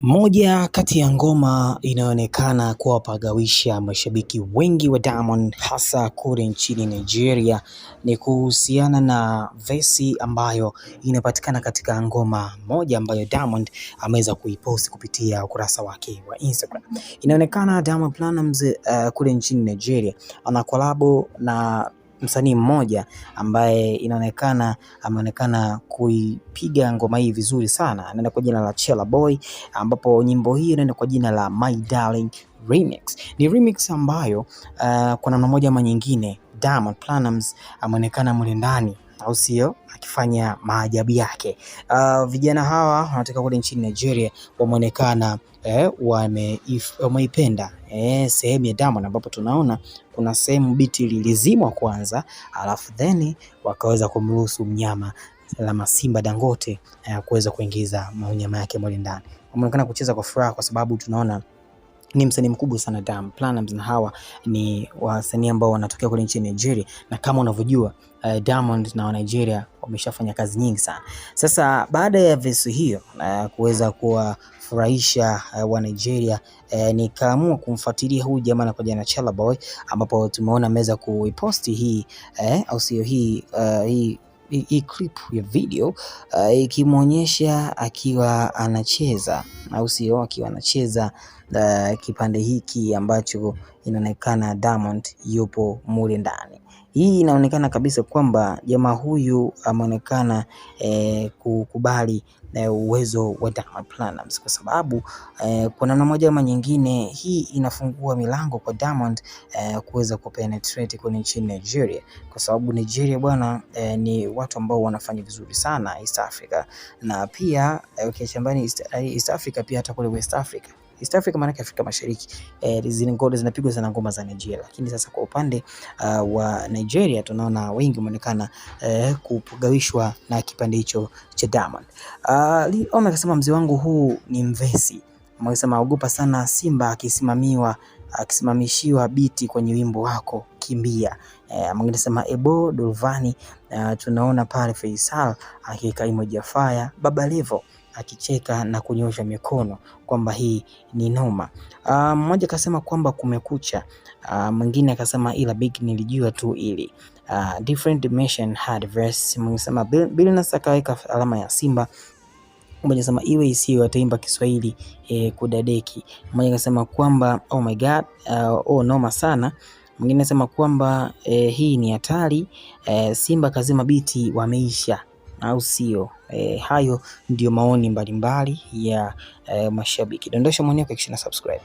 Moja kati ya ngoma inayoonekana kuwapagawisha mashabiki wengi wa Diamond hasa kule nchini Nigeria ni kuhusiana na vesi ambayo inapatikana katika ngoma moja ambayo Diamond ameweza kuiposti kupitia ukurasa wake wa Instagram. Inaonekana Diamond Platnumz uh, kule nchini Nigeria ana kolabo na msanii mmoja ambaye inaonekana ameonekana kuipiga ngoma hii vizuri sana, anaenda kwa jina la Chela Boy, ambapo nyimbo hii inaenda kwa jina la My Darling Remix. Ni remix ambayo uh, kwa namna moja ama nyingine Diamond Platnumz ameonekana mle ndani au sio, akifanya maajabu yake. Uh, vijana hawa wanatoka kule nchini Nigeria wameonekana eh, wameipenda eh, sehemu ya Diamond ambapo tunaona kuna sehemu biti lilizimwa kwanza, alafu then wakaweza kumruhusu mnyama la Simba Dangote eh, kuweza kuingiza mnyama yake mwili ndani. Wameonekana kucheza kwa furaha kwa sababu tunaona ni msanii mkubwa sana Diamond Platnumz, na hawa ni wasanii ambao wanatokea kule nchini Nigeria, na kama unavyojua uh, Diamond na wa Nigeria wameshafanya kazi nyingi sana. Sasa baada ya vesi hiyo uh, kuweza kuwafurahisha uh, wa Nigeria uh, nikaamua kumfuatilia huyu jamaa kwa jina jana Boy, ambapo tumeona ameweza kuiposti hii eh, au sio hii uh, hii hii clip ya video uh, ikimwonyesha akiwa anacheza au sio, akiwa anacheza uh, kipande hiki ambacho inaonekana Diamond yupo mule ndani. Hii inaonekana kabisa kwamba jamaa huyu ameonekana eh, kukubali eh, uwezo wa Diamond Platnumz kwa sababu eh, kwa namna moja ama nyingine hii inafungua milango kwa Diamond eh, kuweza kupenetrate kwenye nchini Nigeria, kwa sababu Nigeria bwana eh, ni watu ambao wanafanya vizuri sana East Africa na pia eh, ukiachambani East, eh, East Africa pia hata kule West Africa. East Africa maana Afrika Mashariki eh, zile ngoma zinapigwa sana ngoma za Nigeria, lakini sasa kwa upande uh, wa Nigeria tunaona wengi wameonekana eh, kugawishwa na kipande hicho cha Diamond. Uh, akasema mzee wangu huu ni mvesi, amesema ogopa sana Simba akisimamiwa akisimamishiwa biti kwenye wimbo wako kimbia. Eh, mwingine sema Ebo Dolvani. Uh, tunaona pale Faisal akiweka emoji ya fire Baba Levo akicheka na kunyosha mikono kwamba hii ni noma. Ah, mmoja akasema kwamba kumekucha, ah, mwingine akasema ila big nilijua tu ili Uh, different dimension had verse. Mwingine sema Billnass akaweka alama ya Simba. Mmoja sema iwe isiyo ataimba Kiswahili eh, kudadeki. Mmoja akasema kwamba oh my god, uh, oh noma sana. Mwingine anasema kwamba eh, hii ni hatari eh, Simba kazima biti wameisha au sio? E, hayo ndiyo maoni mbalimbali ya e, mashabiki. Dondosha maoni yako kisha na subscribe.